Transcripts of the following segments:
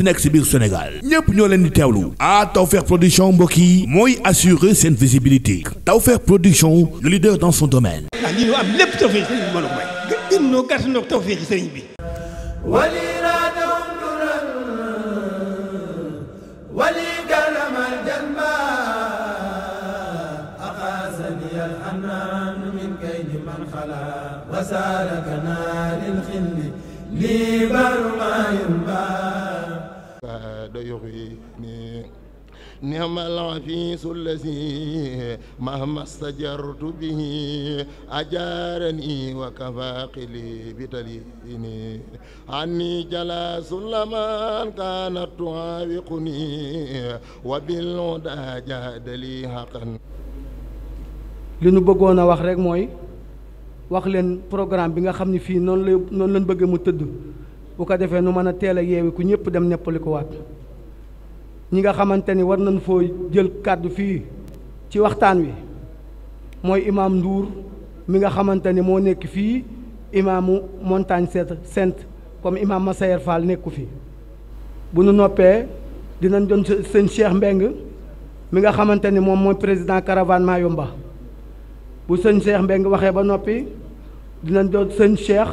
munti nekk si biir Sénégal ñépp ñoo leen di teewlu ah Tawfekh production mbokk yi mooy assurer seen visibilité Tawfekh production le leader dans son domaine. ah lii ñu am lépp Tawfekh sëriñ bi mën a may. gën ñoo gàtt ñoo Tawfekh sëriñ bi. وسالكنا للخل لي برما ينبغي يغيني نعم العفيس الذي مهما استجرت به أجارني وكفى قلبي تليني عني جلا سلمان كانت تعاوقني وبالهدى جاد لي حقا li ñu bëggoon a wax rek mooy wax leen programme bi nga xam ne fii noonu la noonu lañ bëgg mu tëdd bu ko defee nu mën a teel a yeewi ku ñëpp dem neppali ko waat ñi nga xamante ni war nañ foo jël kàddu fii ci waxtaan wi mooy imaam Ndour mi nga xamante ni moo nekk fii imaamu Montagne Sainte comme imaam Massayer Fall nekku fi bu nu noppee dinañ doon sëñ Cheikh Mbeng mi nga xamante ni moom mooy président caravane Mayumba bu sëñ Cheikh Mbeng waxee ba noppi dinañ doon sëñ Cheikh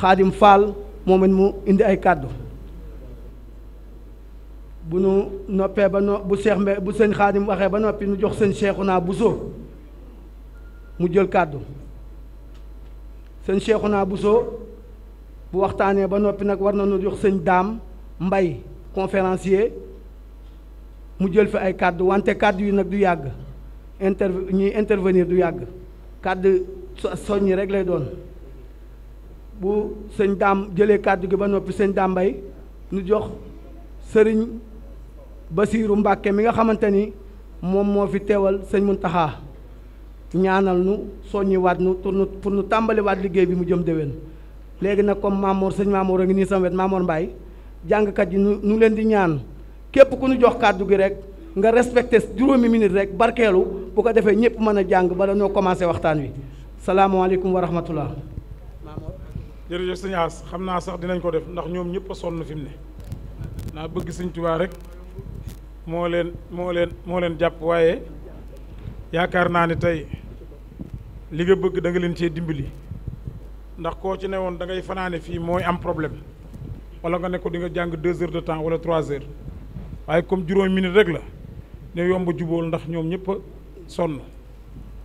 Xaadim Fall moo it mu indi ay kàddu bu nu noppee ba no bu Cheikh Mbe bu sëñ Xaadim waxee ba noppi nu jox sëñ bu Bousso mu jël kàddu sëñ Cheikhouna naa bu soo bu waxtaanee ba noppi nag war na nu jox sëñ Daam Mbay conférencier mu jël fi ay kàddu wante kàddu yi nag du yàgg interv ñuy intervenir du yàgg kàddu soññi rek lay doon bu sëñ Daam jëlee kàddu gi ba noppi sëñ Daam Mbay nu jox sëriñ Basiiru Mbàkke mi nga xamante ni moom moo fi teewal sëñ Muntaxa ñaanal nu soññiwaat nu pour nu pour nu tàmbaliwaat liggéey bi mu jëm déwén léegi nag comme Maamoor sëñ Maamoor a ngi nii sama wet Maamoor Mbaay jàngkat yi nu nu leen di ñaan képp ku nu jox kàddu gi rek nga respecté juróomi minute rek barkeelu bu ko defee ñëpp mën a jàng bala noo commencé waxtaan wi salaamaaleykum wa rahmatullah jërëjëf sëñ As xam naa sax dinañ ko def ndax ñoom ñëpp a sonn fi mu ne rek moo leen moo leen moo leen jàpp waaye yaakaar naa ne tey li nga bëgg da nga leen cee dimbali ndax koo ci ne woon da ngay fanaane fii mooy am problème wala nga ne ko di nga jàng deux heures de temps wala trois heures waaye comme juróomi minute rek la ne yomb jubool ndax ñoom ñëpp sonn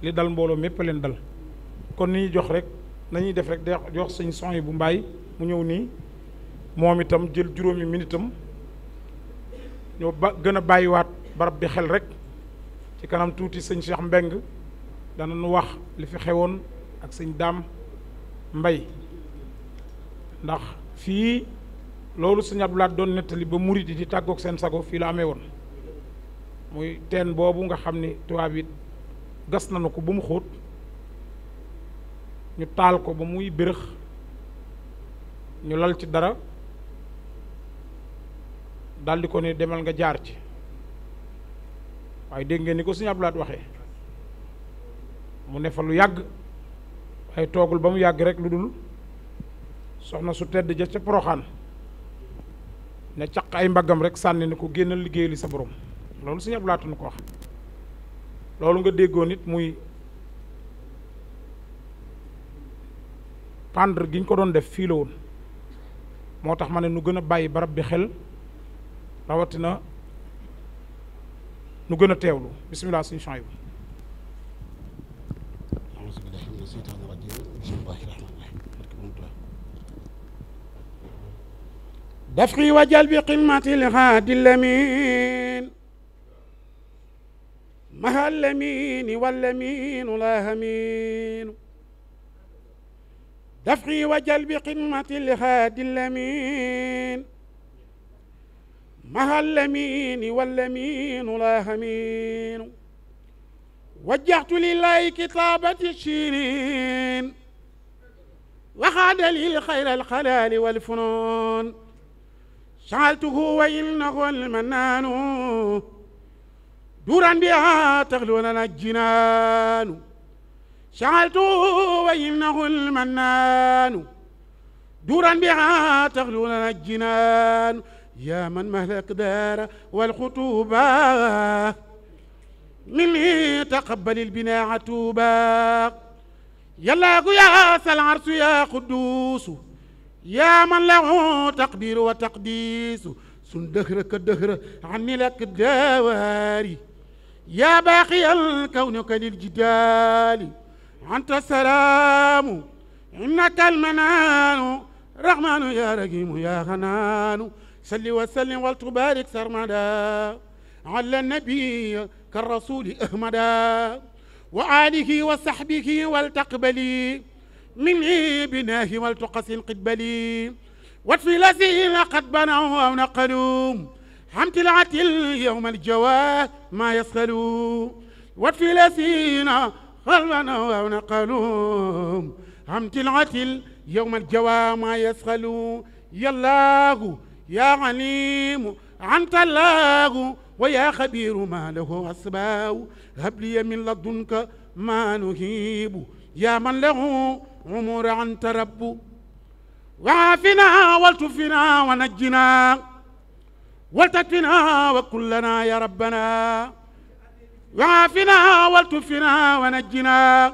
li dal mbooloo mépp leen dal kon ni ñuy jox rek nañuy def rek de jox suñ son yi bu mbaay mu ñëw nii moom itam jël juróomi minitam ñoo ba gën a bàyyiwaat barab bi xel rek ci kanam tuuti sëñ Cheikh Mbeng dana nu wax li fi xewoon ak sëñ Daam Mbay ndax fii loolu sëñ Abdou doon nettali ba murit yi di tàggoog seen sago fii la amee woon muy teen boobu nga xam ni tubaab gas nanu ko ba mu xóot ñu taal ko ba muy bërëx ñu lal ci dara daal di ko ne demal nga jaar ci waaye dégg nga ni ko Sëñ Abdou Lahad waxee mu ne fa lu yàgg waaye toogul ba mu yàgg rek lu dul soxna su tedd ja ca poroxaan ne caq ay mbaggam rek sànni ne ko génn liggéey sa borom loolu Sëñ Abdou Lahad ko wax loolu nga déggoon nit muy pendre gi ñu ko doon def fii la woon moo tax ma ne nu gën a bàyyi barab bi xel rawatina nu gën a teewlu bisimilah suñu champs yi. dafqi wa jalbi qimmati lhaadi lamin maha allamini wallaminu la haminu dafqi wa jalbi qimmati lhaadi lamin مع اليمين واليمين لا همين وجهت لله كتابة الشيرين وخاد لي خير الخلال والفنون سألته وإنه المنان دورا بها تغلو لنا الجنان سألته وإنه المنان دورا بها تغلو لنا الجنان يا من مهل اقدار والخطوبة مني تقبل البناء عتوبا يا الله يا العرس يا قدوس يا من له تقدير وتقديس سن دهرك الدهر عني لك الدواري يا باقي الكون كالجدال أنت السلام إنك المنان رحمن يا رحيم يا حنان salli wa sallim wal tubaarik sarmada ala nabi ka rasuli ahmada wa alihi wa sahbihi wal taqbali min binahi wal tuqasin qidbali watfi lazina qad banaw aw naqalu hamtilatil yawma aljawa ma yasalu watfi lazina qad banaw aw naqalu hamtilatil yawma aljawa ma yasalu yallaahu يا عليم أنت الله ويا خبير ما له أسباب هب لي من لدنك ما نهيب يا من له عمر أنت رب وعافنا والتفنا ونجنا والتفنا وكلنا يا ربنا وعافنا والتفنا ونجنا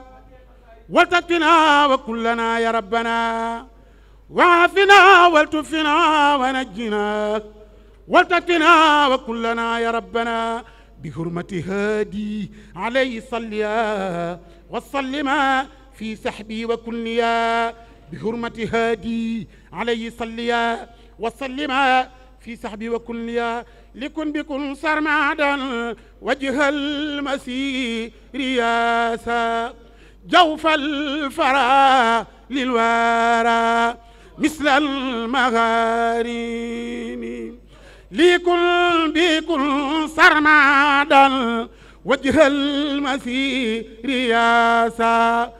والتفنا وكلنا يا ربنا وعافنا والتفنا ونجنا والتقنا وكلنا يا ربنا بحرمة هادي عليه صليا وسلما في سحبي وكليا بحرمة هادي عليه صليا وسلما في سحبي وكليا لكن بكل سرمادا وجه المسير رياسا جوف الفرا للوارى مثل المغارين لكل بكل سرمادا وجه المسير ياسا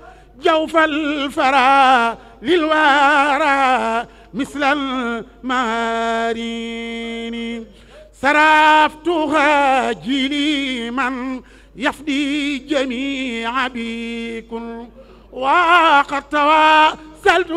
جوف الفرا للوارى مثل المارين سرافتها جلي من يفدي جميع بكم وقد تواصلت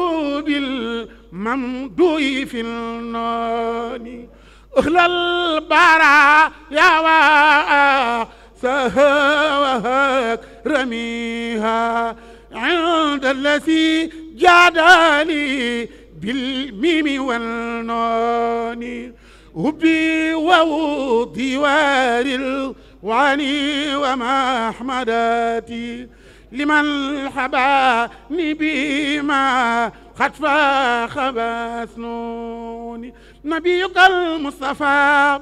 بالممدوح في النون أخلى البراء يا واء سهوهك رميها عند الذي جادلي بالميم والنون هبي ووضي وارل وعني ومحمداتي لمن الحباني بما قد فاخ باسنوني نبيك المصطفى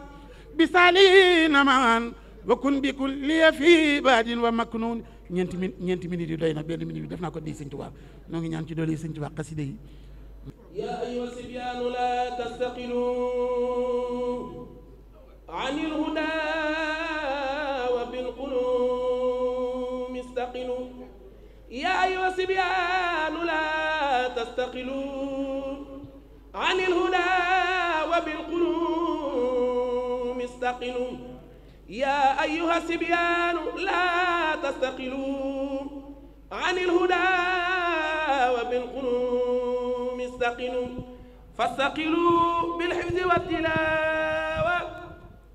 بسالين معا وكن بكل في باد ومكنون ñeenti min ñeenti minute yu doy na benn minute bi def naa ko di Sëñ Tuubaa noo ngi ñaan ci doole Sëñ Tuubaa xasida yi يا أيها الصبيان لا تستقلوا عن الهدى وبالقلوب استقلوا يا أيها الصبيان لا تستقلوا عن الهدى وبالقلوب استقلوا يا أيها الصبيان لا تستقلوا عن الهدى وبالقلوب استقلوا فاستقلوا بالحفظ والتلاوة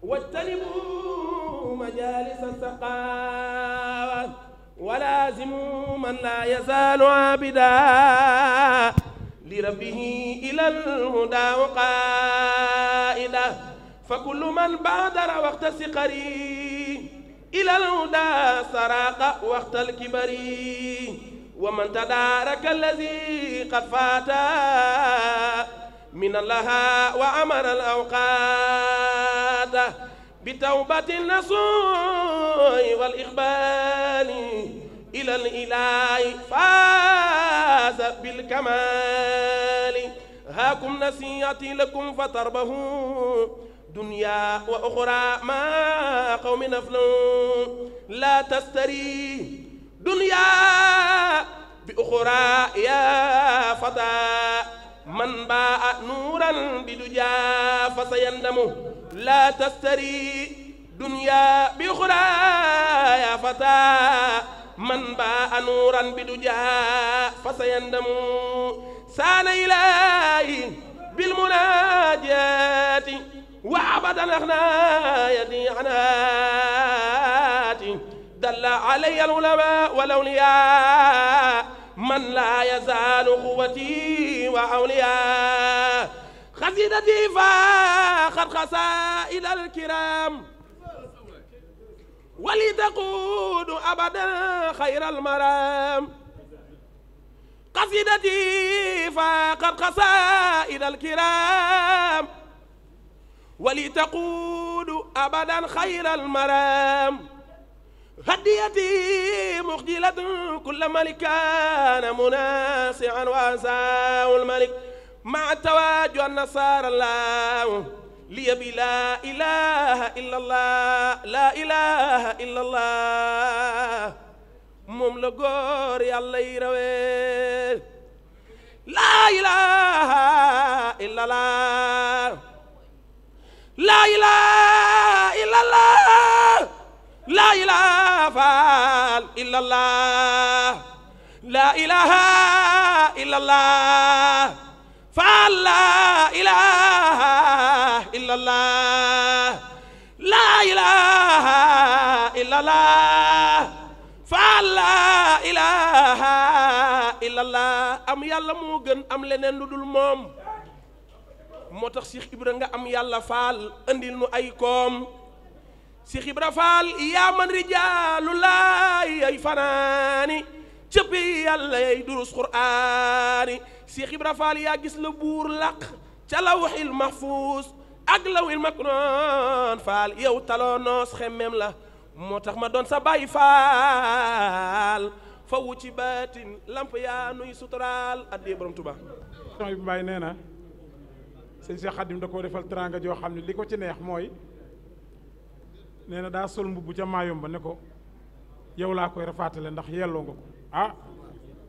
واجتنبوا مجالس السقام walaazimu man laa yazaalu abida li rabbihi ilal huda wa qaida fa kullu man baadara waxta siqari ilal huda saraqa waxtal kibari wa man tadaaraka allazi qad faata min allaha wa amara al awqaat bi tawbatin nasuuy wal ixbaali ilal ilaahi faaza bil kamaali haakum nasiihati lakum fa tarbahu dunya wa uxra ma qawmin aflahuun laa tastari dunya bi uxra yaa fataa من باء نورا بدجا فسيندم لا تستري دنيا بأخرى يا فتى من باء نورا بدجا فسيندم سان إلهي بالمناجات وعبدا أغنى يدي عناتي دل علي العلماء والأولياء من لا يزال قوتي وأولياء خسيدتي فقد خسائد الكرام ولتقود أبدا خير المرام قصيدتي فقد قصائد الكرام ولتقود أبدا خير المرام هديتي مخجلة كل ملك كان مناسعا وأساء الملك مع التواجع النصارى الله لي بلا إله إلا الله لا إله إلا الله moom la góor yàlla yi rawee laa ilaha illallah laa ilaha illallah laa ilaaha illallah laa ilaaha illallah faal laa ilaaha illallah laa ilaaha illallah faal laa ilaaha illallah am yàlla moo gën am leneen lu dul moom moo tax Cheikh Ibra nga am yàlla faal andil nu ay koom si xibra faal yaa man rijaalu laay ay fanaani cëppi yàlla yay durus quraani si xibra faal yaa gis la buur làq ca lawxil mahfuus ak lawil maknoon faal yow taloo noos xemmem la moo tax ma doon sa bàyyi faal fawu ci baatin lamp yaa nuy suturaal addee borom tuba bi nee na sëñ Cheikh xam ne li ko ci neex mooy nee na daa sol mbubb ca maayom ba ne ko yow laa koy rafaatale ndax yelloo nga ko ah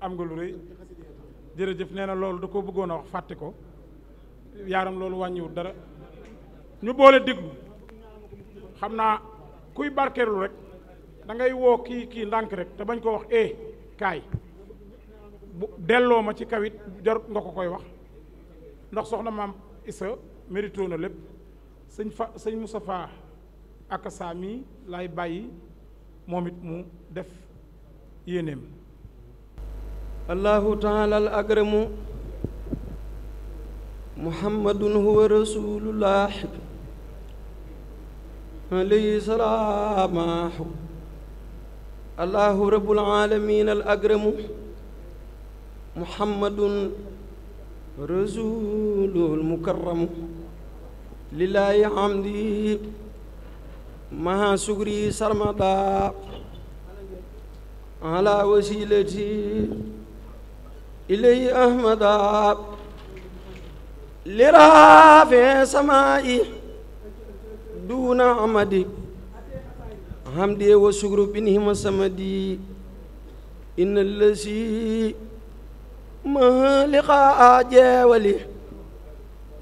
am nga lu rëy jërëjëf nee na loolu da koo bëggoon a wax fàtte ko yaaram loolu wàññiwul dara ñu boole déglu xam naa kuy barkeerlu rek dangay woo kii kii ndànk rek te bañ koo wax eh kaay bu delloo ma ci kawit jarut nga ko koy wax ndax soxna maam Issa mérito na lépp sëñ fa sëñ Moussa Faa ak mi lay bàyyi moom it mu def yéeneem allahu taala al akramu huwa rasulullah alayhi salaamahu allahu rabbul alamin al akramu muhammadun mukarramu lillahi hamdi maha sugri sarmada ala wasilati ilay ahmada lirafe samai duna amadi hamdi wa sugru binhima samadi inna lasi maha liqaa jeewali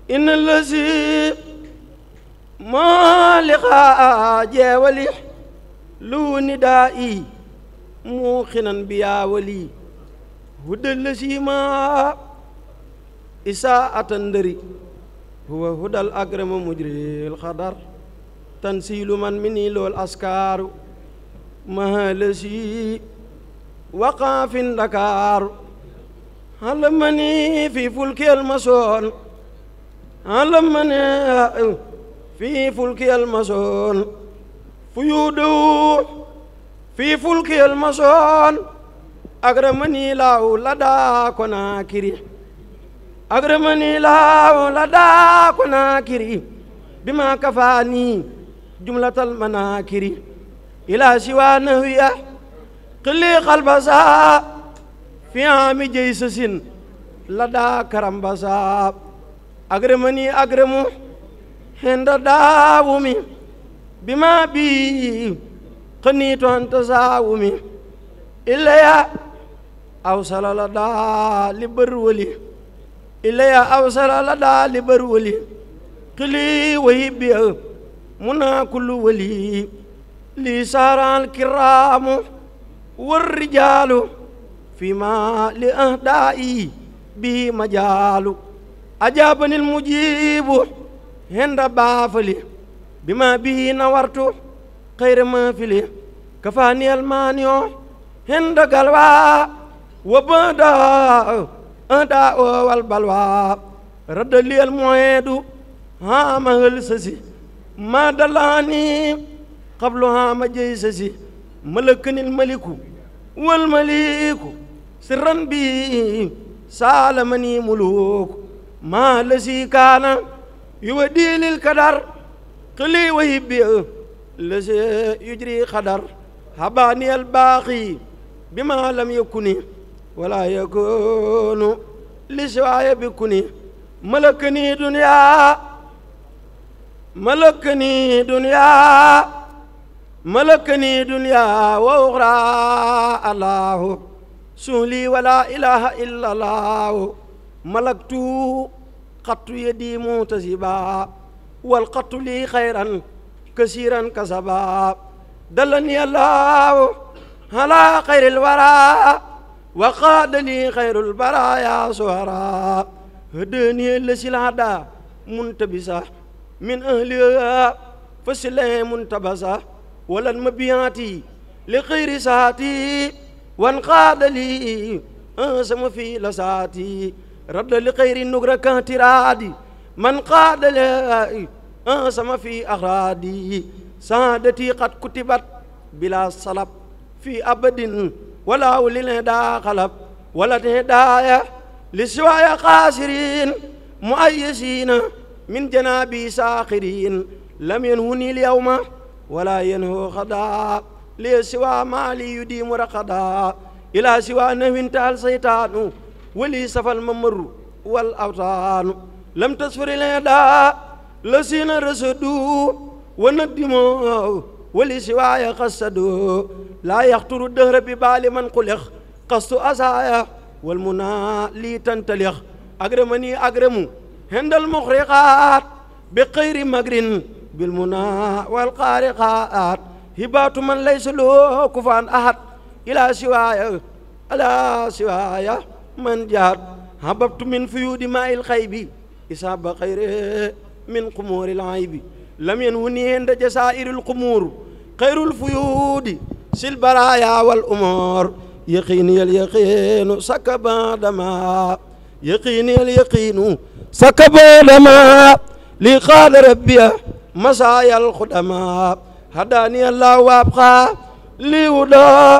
inna lasi مالقا جا ولي لو ندائي موقنا بيا ولي هدى الذيما إساءة دري هو هدى الأكرم مجري الخضر تنسيل من مني لو الأسكار ما لسي وقع في الدكار علمني في فلك المسون علمني fii fulki almasoon fuyuudu fii fulki almasoon agramani laaw ladaa konaakiri agramani laaw ladaa konaakiri bimaa kafaani jumlatal manaakiri ilaa siwaa nahwiya xilli xalbasaa fi aami jeysasin ladaa karambasaa agramani agramu hinda daawumi bima bii qaniitoon tasaawumi ilaya aw salala daa li bër wali ilaya aw salala daa bër wali qili wa hibbi muna kullu wali lii saaraan kiraamu war rijaalu fi ma li ahdaa yi bii majaalu ajaabanil mujiibu henda baafali bi ma bihi na wartu xayra ma fili kafaaniyal maaniyo henda galwa wa bada an daa owal balwa radda liyal moyeedu haama hël sasi ma dalaani xablu haama jey sasi malakanil maliku wal maliku sirran bi saalamani muluuk maa lasi kaana يودي للكدر قلي ويبيع لجي يجري قدر هباني الباقي بما لم يكن ولا يكون لسواي بكني ملكني دنيا ملكني دنيا ملكني دنيا وأخرى الله سولي ولا إله إلا الله ملكته xattu yeddi mutasiba wal xattu lii xayran kasiran kasaba dalani allahu ala xayril wara wa qaadali xayrul baraya suwara hadani lasil hada muntabisa min ahliha fasile muntabasa walan mabiyati li xayri saati wan qaadali ansama fi la saati رد لخير نقرا كاترادي من قاد لهائي أنسم في أغرادي سعادتي قد كتبت بلا صلب في أبد ولا وللهدا غلب ولا الهداية لسواي خاسرين مؤيسين من جنابي ساخرين لم ينهني اليوم ولا ينهو غدا لي سوى ما لي يديم رقدا إلى سوى نهو انتهى الشيطان wali safal ma wal awtaanu lam tasfari leen daa la siina rasadu wa naddimoo wali si waaya xassadoo laa yaxturu dëhra bi baali man xulex xastu asaaya wal mu naa lii tantalex agrama nii agramu hendal muxriqaat bi xayri magrin bil mu naa wal xaariqaat hibaatu man laysa loo kufaan ahad ilaa siwaaya alaa siwaaya man jaat hababtu min fuyuudi maa il xaybi isaaba xayre min xumuuri laybi lam yen wu nii nda jasaa'iril xumuur xayrul fuyuudi sil baraaya wal umoor yaqiiniyal yaqiinu sakka baadama yaqiiniyal yaqiinu sakka baadama li qaada rabbiya masaayal xudama hadaaniya laahu waabqa lii wudaa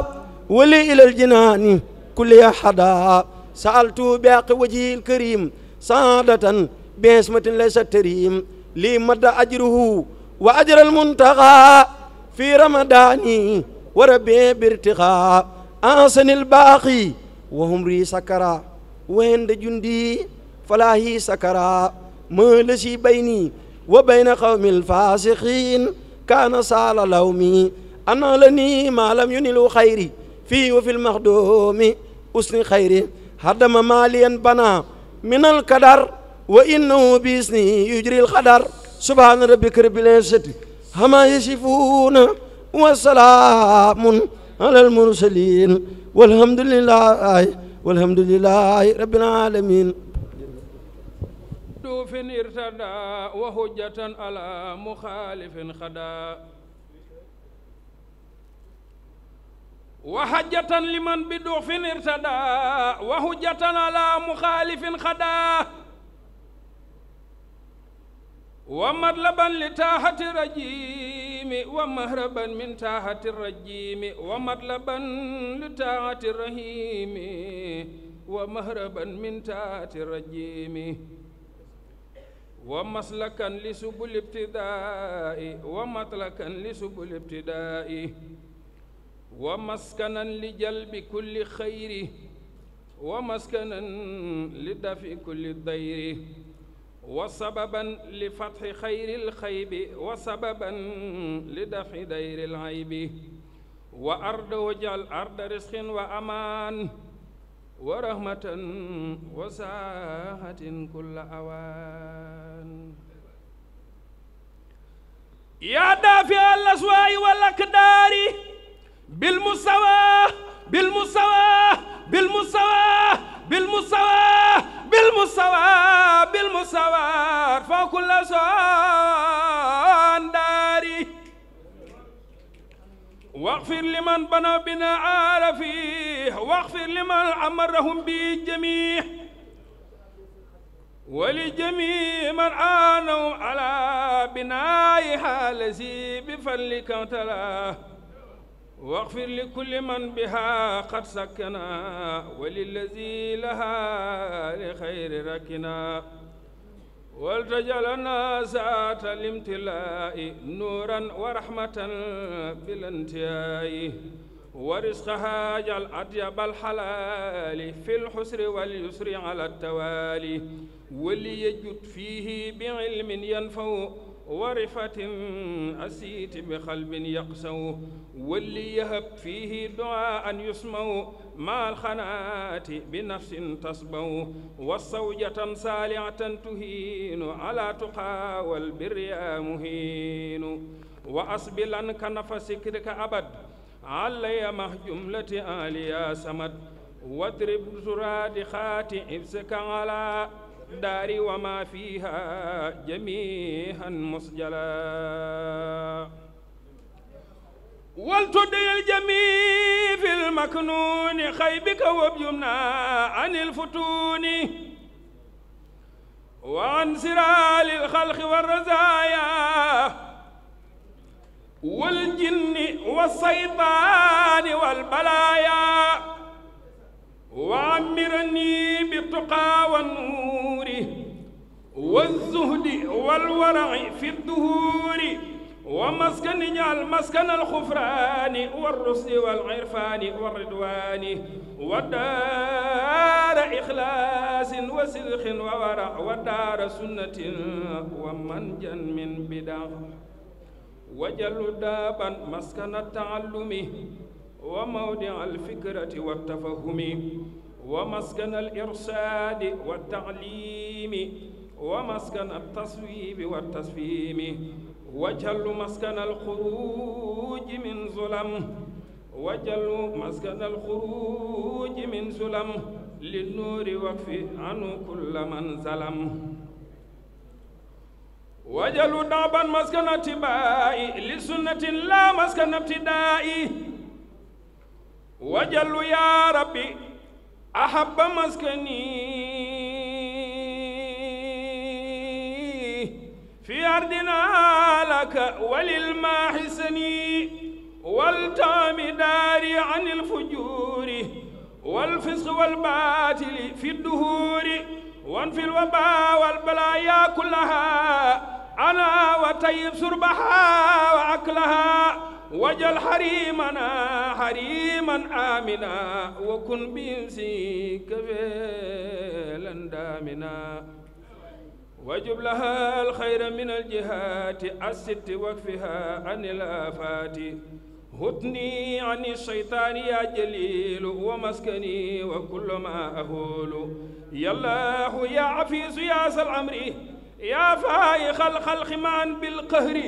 wali ilal jinaani kulliya hadaa sa'altu bi haqqi wajhil karim saadatan bi ismatin laysa tarim lii madda ajruhu wa ajral muntaqa fi ramadani wa rabbi birtiqa ansanil baaqi wa humri sakara wa inda jundi falaahi sakara ma lasi bayni wa bayna qawmil fasiqin kaana saala lawmi ana la ni ma lam yunilu xayri fii wa fil maxdoomi usni xayri hadama maliyan bana min al kadar wa innahu bisni yujri al qadar subhana rabbika rabbil izzati hama yasifuna wa salamun ala al mursalin walhamdulillahi walhamdulillahi rabbil alamin dufin irtada wa hujjatan ala mukhalifin khada وحجة لمن بدوف ارتدى وهجة على مخالف خدا ومطلبا لتاحة الرجيم ومهربا من تاحة الرجيم ومطلبا لتاحة الرحيم ومهربا من تاحة الرجيم ومسلكا لسبل ابتداء ومطلقا لسبل ابتداء wa maskanan li jalbi kulli xayri wa maskanan li dafi kulli dayri wa sababan li fatxi xayril xaybi wa sababan li dafi dayril aybi wa arda wajal arda risqin wa amaan wa rahmatan wa saahatin kulla awaan yaa daafi al aswaay wal akdaari bil musawa bil musawa bil musawa bil musawa bil musawa bil musawa fa kulla saan daari واغفر لمن بنى بنا عار فيه واغفر لمن أمرهم بالجميع ولجميع من آنوا على بنائها الذي بفضلك تلاه واغفر لكل من بها قد سكنا وللذي لها لخير ركنا ولتجعلنا ساعة الامتلاء نورا ورحمة بلا انتهاء ورزقها اجعل أطيب الحلال في الحسر واليسر على التوالي وليجد فيه بعلم ينفع ورفة أسيت بقلب يقسو واللي يهب فيه دعاء يسمو مع الخنات بنفس تصبو والصوجة سالعة تهين على تقى والبريا مهين وأسبلا كنفس ذكرك أبد علي مه جملة آل يا سمد واضرب زراد خات إبسك على الدار وما فيها جميعا مسجلا ولتدي الجميع في المكنون خيبك وبيمنى عن الفتون وعن سرال الخلق والرزايا والجن والصيطان والبلايا وعمرني بالتقى والنور والزهد والورع في الدهور ومسكن اجعل مسكن الخفران والرشد والعرفان والرضوان ودار إخلاص وسلخ وورع ودار سنة ومنجا من بدع وجل دابا مسكن التعلم وموضع الفكرة والتفهم ومسكن الإرشاد والتعليم ومسكن التصويب والتسفيم وجل مسكن الخروج من ظلم وجل مسكن الخروج من ظلم للنور وكف عنه كل من ظلم وجل دابا مسكن اتباع لسنة لا مسكن ابتداء وجل يا ربي أحب مسكني في أرضنا لك وللماحسن والتام داري عن الفجور والفسق والباطل في الدهور وانفي الوباء والبلايا كلها أنا وطيب سربها وأكلها وجل حريمنا حريما آمنا وكن بإنسك فيلا دامنا wajub laha alxayra min aljihaati assitti wakfiha an ilaafaati hutni an ishaytaani yaa jaliilu wa maskani wa kullu ma ahoolu yallaahu yaa afiisu yaa sal amri yaa faayixa alxalqi maan bilqahri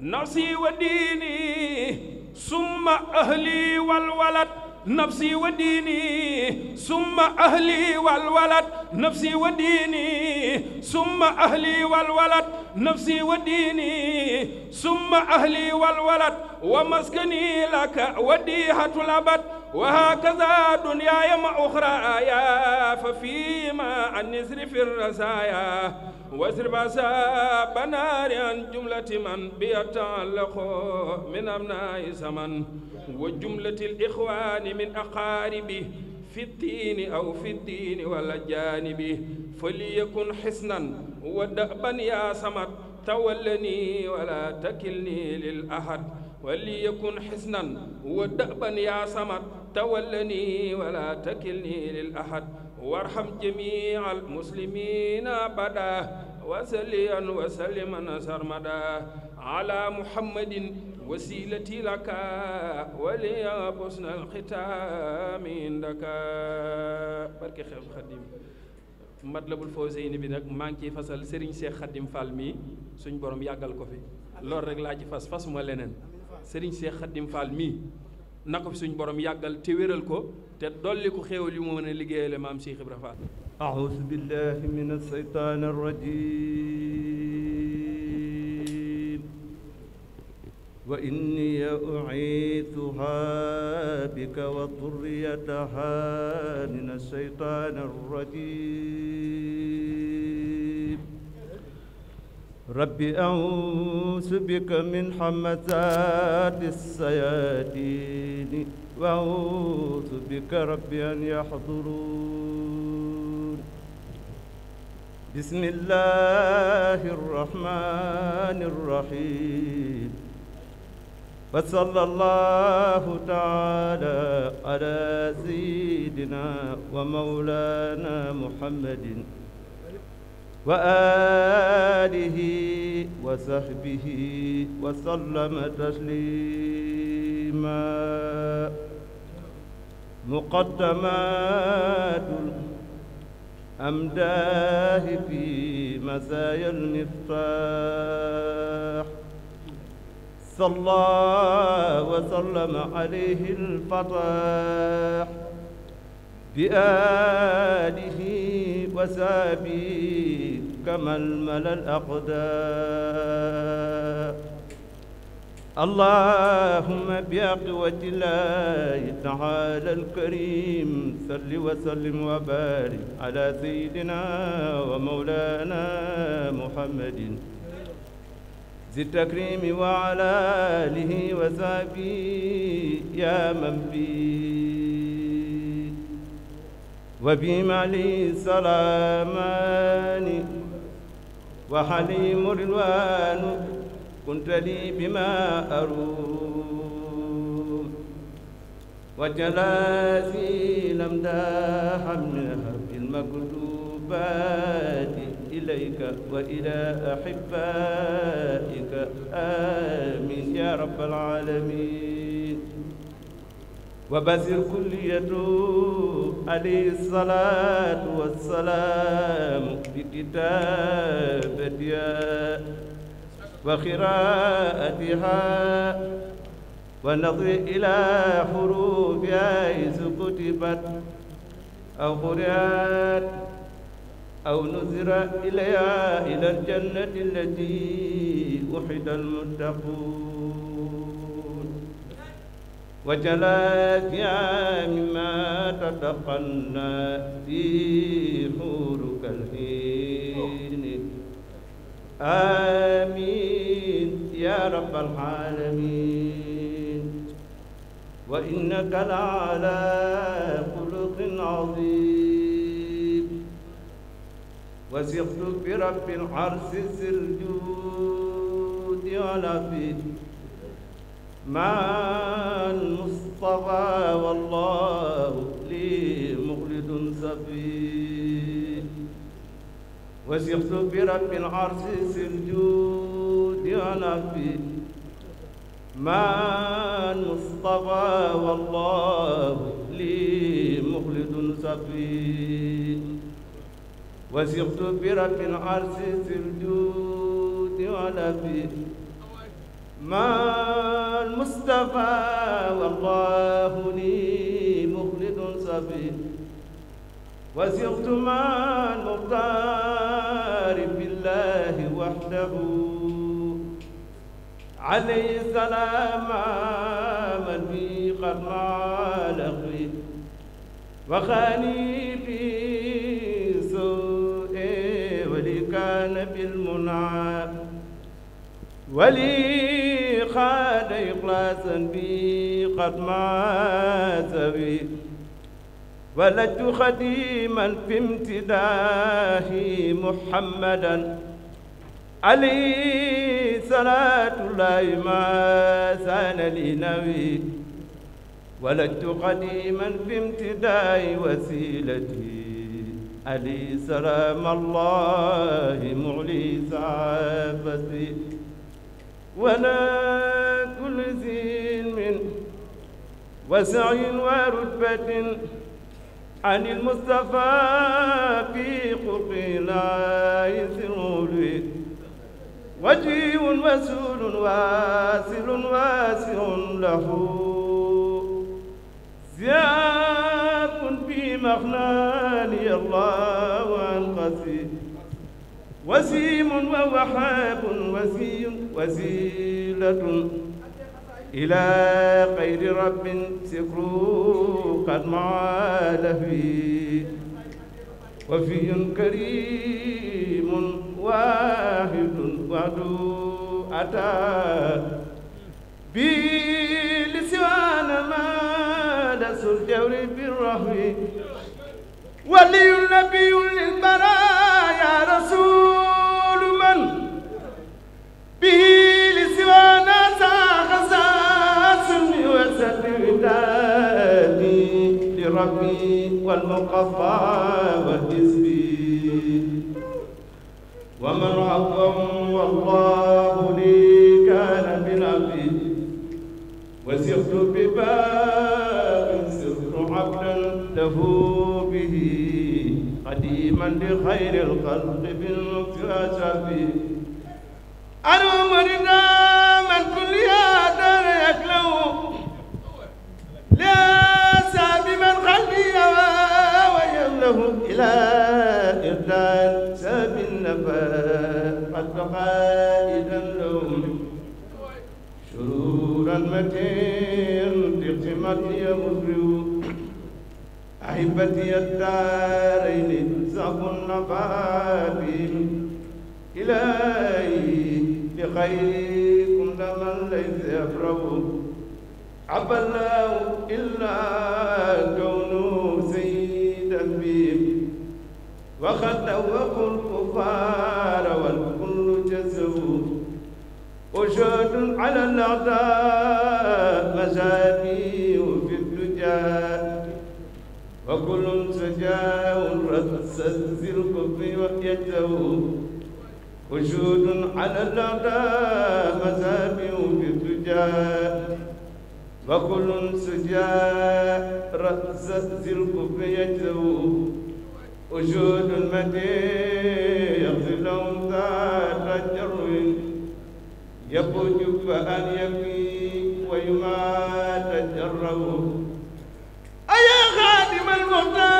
nafsi wa diini summa ahli walwalat nafsi wa diini summa ahli wal walad nafsi wa diini summa ahli wal walad nafsi wa diini summa ahli wal walad ومسكني لك وديهة الأبد وهكذا دنياي مع أخرايا ففيما عن نزر في الرزايا وازرب عذاب نار عن جملة من بيتعلق من أبناء زمن وجملة الإخوان من أقاربه في الدين أو في الدين والجانب فليكن حسنا ودأبا يا صمد تولني ولا تكلني للأحد وليكن حسنا ودأبا يا صمد تولني ولا تكلني للأحد وارحم جميع المسلمين أبدا وسليا وسلما سرمدا على محمد وسيلتي لك ولي بسن الختام عندك barke Cheikh Khadim Matlabul Fawzayni bi nag maa ngi ciy fasal Serigne Cheikh Khadim Fall mi suñ borom yàggal ko fi loolu rek laa ci fas fasuma leneen Serigne Cheikh Khadim Fall mii na ko fi suñu borom yàggal te wéral ko te dolli ko xéewal yu mu mën a liggéeyale maam Cheikh Ibra Fall أعوذ بالله من الشيطان الرجيم وإني أعيذها بك وذريتها من الشيطان الرجيم rabbi auusu bika min hamazaati sayaatini wa auusu bika rabbi an yahduruun bismillaahi rahmaani rahiim wa sallallaahu taalaa alaa sayyidinaa wa mawlaanaa muhammadin wa alihi wa sahbihi wa sallama taslima muqaddamatul amdaahi fi masaayal miftaax salla wa sallama alayhi al-fataax bi aalihi wa sahbihi كما الملا الأقداء اللهم بقوة الله تعالى الكريم صل وسلم وبارك على سيدنا ومولانا محمد ذي التكريم وعلى آله وصحبه يا من فيه وبما لي سلامان وعليهم رضوان كنت لي بما أروم وجلاسي لم داحمنها بالمكتوبات إليك وإلى أحبائك آمين يا رب العالمين wa basir kulliyatu alayhi salaatu wa salaam bi kitaabatiha wa qiraa'atiha wa nadri ilaa xuruufihaa iz kutibat aw quri'at aw nuzira ilayhaa ilal jannati allatii uxida al-muttaquun وجلاك يا مما تتقنا في حورك الحين آمين يا رب العالمين وإنك لعلى خلق عظيم وسقت برب العرش سر الجود والعبيد مع المصطفى والله لي مخلد سفي وسقت برب العرش سجود نفي مع المصطفى والله لي مخلد سفي وسقت برب العرش سجود نفي ما المصطفى والله لي مخلد صفي وزغت مع المختار بالله وحده عليه السلام من بي قد معلق وخاني في سوء ولي كان بالمنعم ولي خاد إخلاصا بي قد مات بي ولدت خديما في امتداه محمدا عليه صلاة الله ما سان لي نبي ولدت قديما في امتداء وسيلتي علي سلام الله معلي سعابتي ولا كل ذي من وسعي ورتبة عن المصطفى في خلق لا يسر وجيه وسول واسل واسع له زياد بمخناني الله عن قصيد وسيم ووهاب وزي وسيلة إلى خير رب سكروا قد معاله وفي كريم واحد وعدو أتى بلسوان ما دسر الجور بالرهو ولي النبي للبرايا رسول ربي والمقفى وحزبي ومن عظم والله لي كان بنبي وسرت بباب سرت عبدا له به قديما لخير الخلق بالمكاشف أنا مريضا من كل دار يكله لا ساب من قلبي ويمله إلى إردان ساب النفا قد قائدا لهم شرورا متين بقمتي مزرو أحبتي الدارين ساق النفا بهم إلى لقيكم لمن ليس يفرغ عبى الله إلا كونه سيدا بهم وقد نوقوا الكفار والكل جزه وشهد على الأعداء مشابيه في الدجال وكل سجاء رسز الكفر ويده وجود على الأعداء مذابه بالرجاء وكل سجاء رأس ذي الكفر يجذب وجود المدي يقضي لهم ذات جرم يخرج فأن يبكي ويمات جره أيا خادم المختار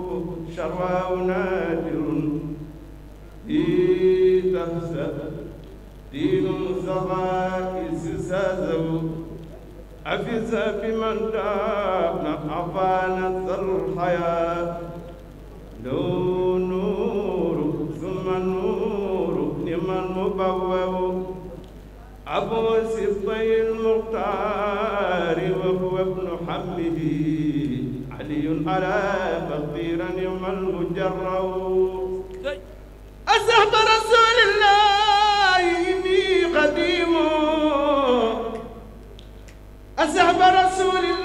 شراه نادر دي تهزأ دين الزغائز سازو أفز بمن دابن أفان ذا الحياة لو نور ثم نور لمن مبوب أبو سبطي المختار وقال على تقديرا يوم المجرم أسحت رسول الله إني قديم أسحب رسول الله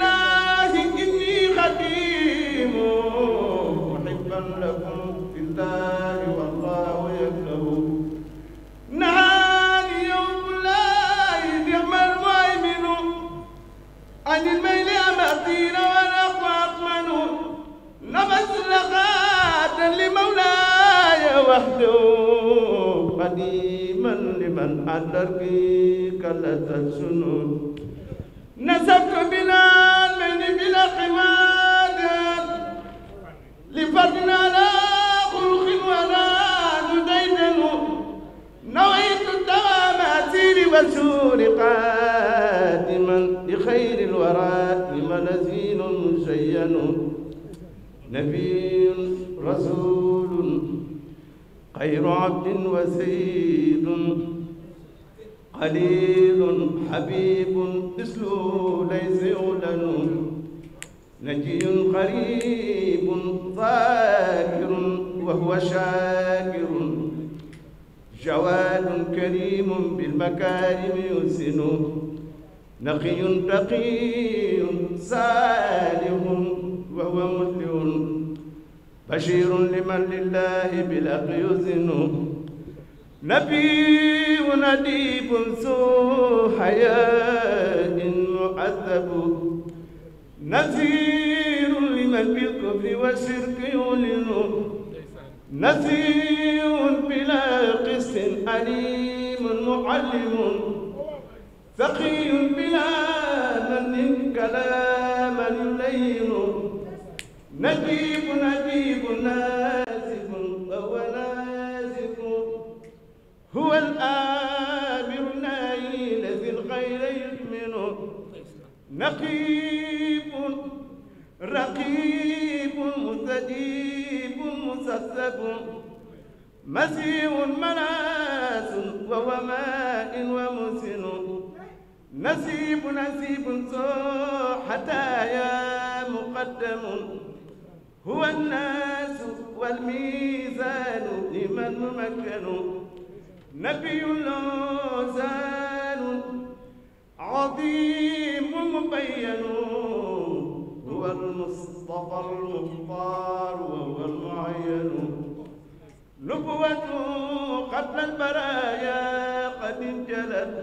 وصل غادا لمولاي وحده قديما لمن أدركي كلة السنون نسبت بنا من بلا قواد لفتنا لا خلق ولا ندين نويت الدوام أسير وسور قادما لخير الوراء منزيل مزين نبي رسول خير عبد وسيد قليل حبيب مثله ليس يعلن نجي قريب ذاكر وهو شاكر جواد كريم بالمكارم يحسن نقي تقي صالح huwa muslihun bashirun liman lillahi bil aqli yuzinu nabiyun adibun su hayain muazabu nazirun liman bil kufri wa shirki yulinu nazirun bila qisin alimun muallimun سقي بلا من كلاما يلين نجيب نجيب نازف وهو نازف هو الآمر نايل ذي الخير يؤمن نقيب رقيب مستجيب مسسب مسيء مناس وهو ماء ومسن نسيب نسيب سو حتى يا مقدم huwa naasu wal miizaanu liman mumakkanu nabiyul ozaanu aziimu mubayyanu huwa al-Mustafa al-Muxtaar wa huwa al-muayyanu nubuwwatu qabla al-baraaya qad injalat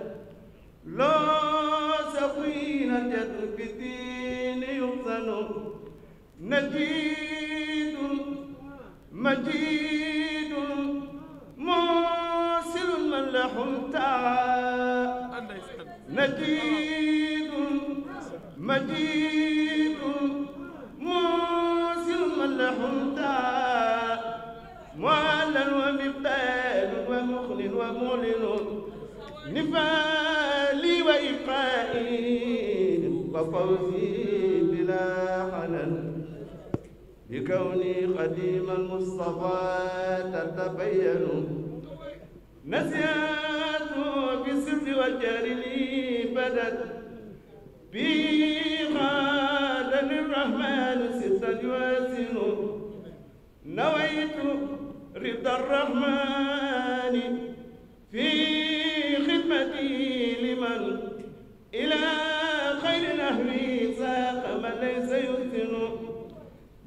loo saqiinat bi diini yuxsanu نجيد مجيد موصل من لحمتا نجيد مجيد موصل من لحمتا معلن ومبدال ومخل ومعلن نفالي وإبقائي وفوزي بلا حد لكوني قديم المصطفى تتبين نسيته بالسر والجهل لي بدت بي غاد للرحمن ستا يوازن نويت رضا الرحمن في خدمتي لمن إلى خير نهري ساق من ليس يحسن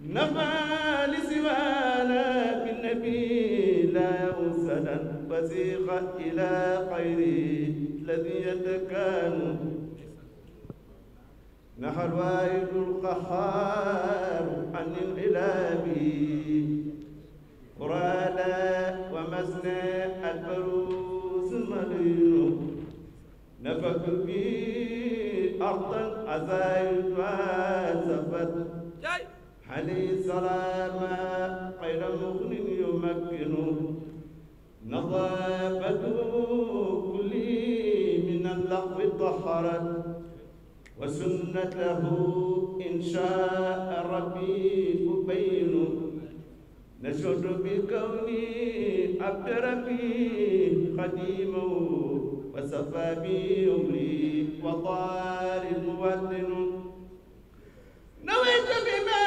نما لسوانا بالنبي لا يوصلا وسيق إلى خيره الذي يتكان نحى الوائد القهار عن الإلاب مرادا ومسنى البروس مليون نفك به أرضا عزايد وسفت عليه السلام خير مغن يمكن نظافته كل من اللغو طهرت وسنته إن شاء ربي أبين نشهد بكوني عبد ربي خديمه وسفى بي أمري وطار مودن نويت بما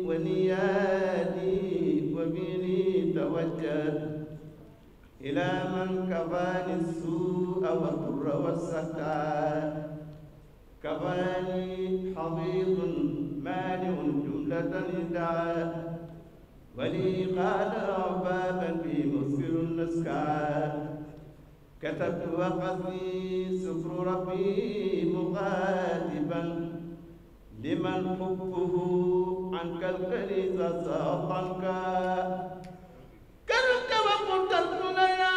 هادي وبني توكل إلى من كفاني السوء والضر والسكاء كفاني حفيظ مانع جملة ندعى ولي قال عبابا في مسفر نسكا كتبت وقفي سفر ربي مغاتبا لمن حبه عنك الكريس ساطنك كرك وقتلتنا يا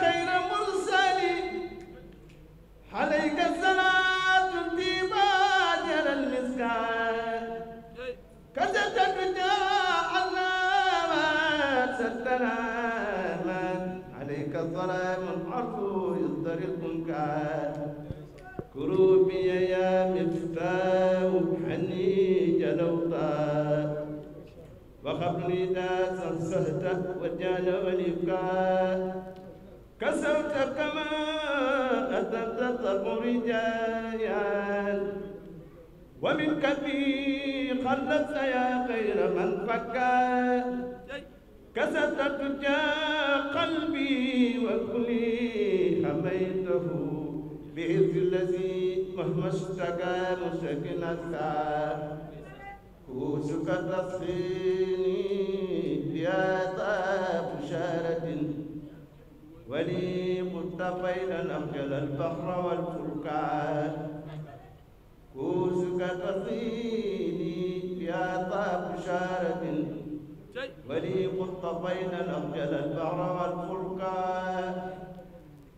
خير مرسل عليك الصلاة الطيبة جرى المسكان كزت الدنيا الله ستنا عليك السلام عرض يصدر الكنكان كروبي يا مفتاح حنين الأوطان وقبل إذا زمزهت وجعل ولبكاء كسوت كما أثبت طلب رجال ومن كبي خلت يا خير من فكا كسرت تجا قلبي وكلي حميته بإذن الذي مهما اشتكى مشكل الثار وجهك تصفيني بأعتاب شارة ولي قلت بين الأمجل البحر والفرقان كوسك تصيني بأعتاب شارة ولي قلت بين الأمجل البحر والفرقان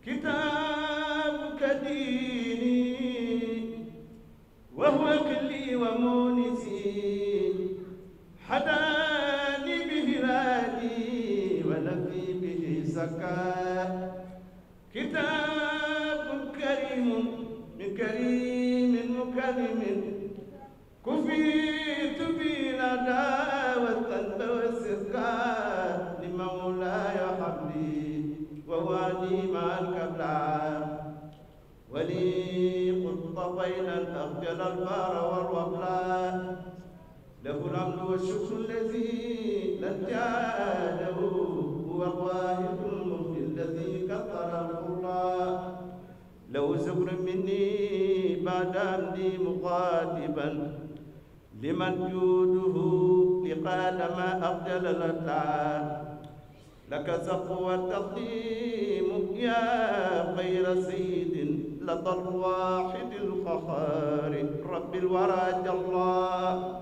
كتابك ديني وهو كلي ومونسي هداني به هادي ولقي به زكاة كتاب كريم من كريم مكرم كفيت به لدى والذنب والسقاء لمولاي حبلي ووالي مع الكبلى ولي قطب بين الأخجل البار والوبلى له الحمد والشكر الذي لا انتهى له هو الواهب المغني الذي كثر القرى له شكر مني بعد عمدي مخاطبا لمن جوده لقال ما أخجل الأتعاب لك سقوى التقديم يا خير سيد لدى الواحد الفخار رب الورى جل الله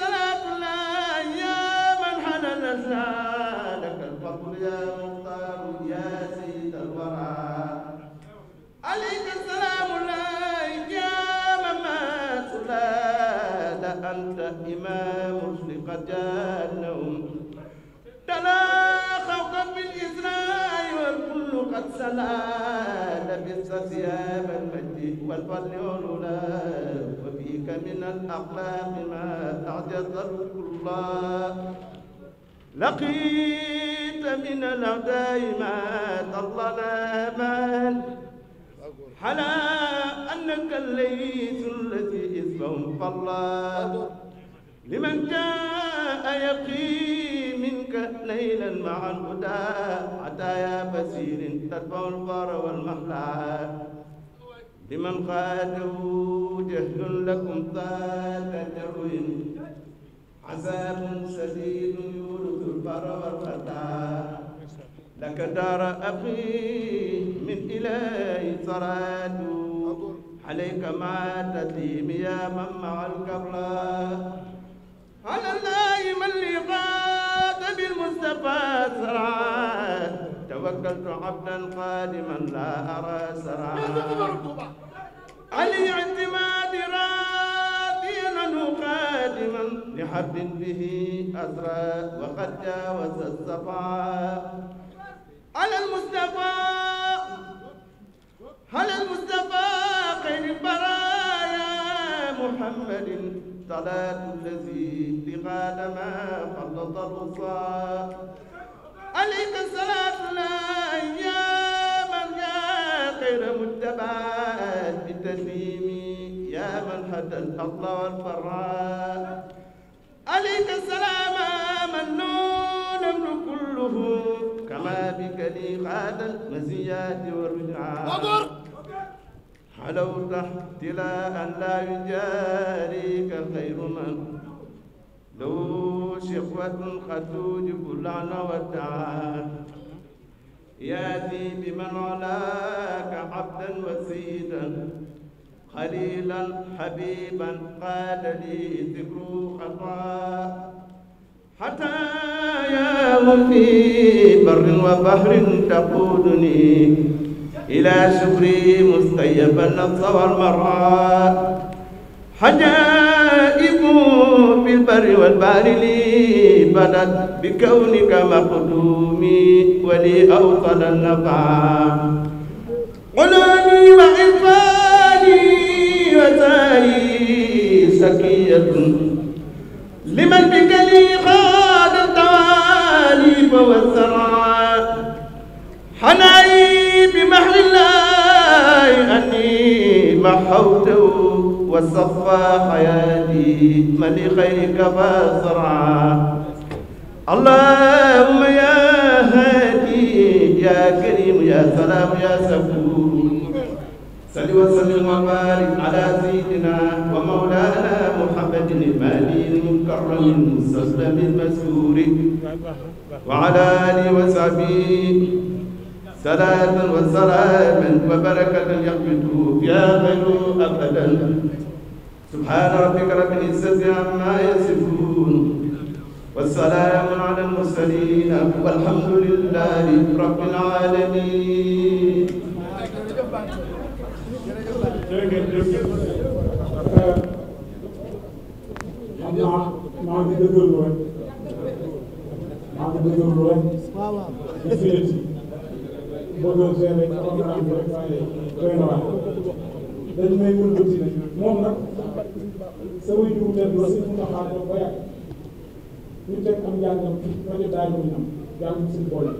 والسلام لبس ثياب المجد والفضل والولا وفيك من الأخلاق ما أعجز الله لقيت من الأعداء ما ضل الآمال حلا أنك الليث الذي اسمه فالله لمن جاء يقي منك ليلا مع الهدى عتايا بسير تتبع الفار والمحلى لمن خاده جهل لكم ذات جر عذاب شديد يورث البر والفتى لك دار أخي من إلهي صراد عليك ما تديم يا من مع الكبلى على الله من لي قاد بالمصطفى سرعا توكلت عبدا قادما لا أرى سرعا علي اعتماد راضيا عنه قادما لحب به أسرى وقد جاوز السفعا على المصطفى على المصطفى خير البرايا محمد صلاة الذي لغاد ما خلط الوصال عليك الصلاة لا أيام يا خير متبعات بتسليمي يا من حد الفضل والفراء عليك السلام ممنون من كله كما بك لي غادا المزيات والرجعان xalaw taxti la an laa yujaarika xayru man law siqwatun xad tuujibu laana wa taan yaati bi man olaaka abdan wa sayyidan xalilan xabiban qaala li dikru xataa xataa yaa fi barrin wa bahrin taquduni إلى شكري مستيبا النص والمرعى حجائب في البر والبحر لي بدت بكونك مقدومي ولي أوصل النفع بك فاسرعا اللهم يا هادي يا كريم يا سلام يا سفور صل وسلم وبارك على سيدنا ومولانا محمد المهدي المكرم المسلم المسرور وعلى اله وصحبه صلاة وسلاما وبركة يقبض يا خير أبدا subhaana rabbika rabbil izzati amma yasifuun wa salaamun ala al-mursaliin walhamdulillahi rabbil aalamiin maa ngi dëgërlu rek maa ngi dëgërlu rek di féeti bëgg a gérer programme bi rek waaye doy na waar dañ may mën bëtti ne moom nag sa wéy yu tedd la si Moussa Fane ba yàgg ñu teg am njàngam ci rajo Daara ñu am jàngam si boole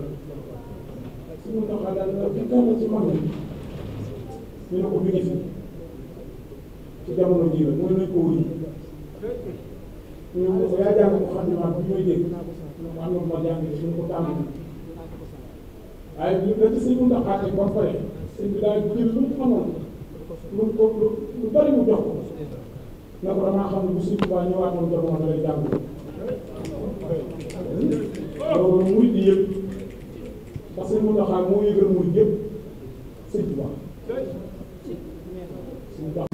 si Moussa Fane daal na fi kenn ci mag ñu ne ko mi ngi fi ci jamono jii la mooy nañ ko wuyu ñu ne ko yaa jàng ko xam ne maanaam bu ñu koy dégg mu am na moo jàng suñu ko tàmm waaye ñu dañ si Moussa Fane ba pare sëñ bi daal jël lu mu xamoon lu mu ko lu bari mu jox ko ne ko damaa xam ne bu Sëriñ Tuubaa ñëwaatoon jamono da lay jàng loolu murid yi yëpp parce que mu taxaw moo yëgal murid yëpp Sëriñ Tuubaa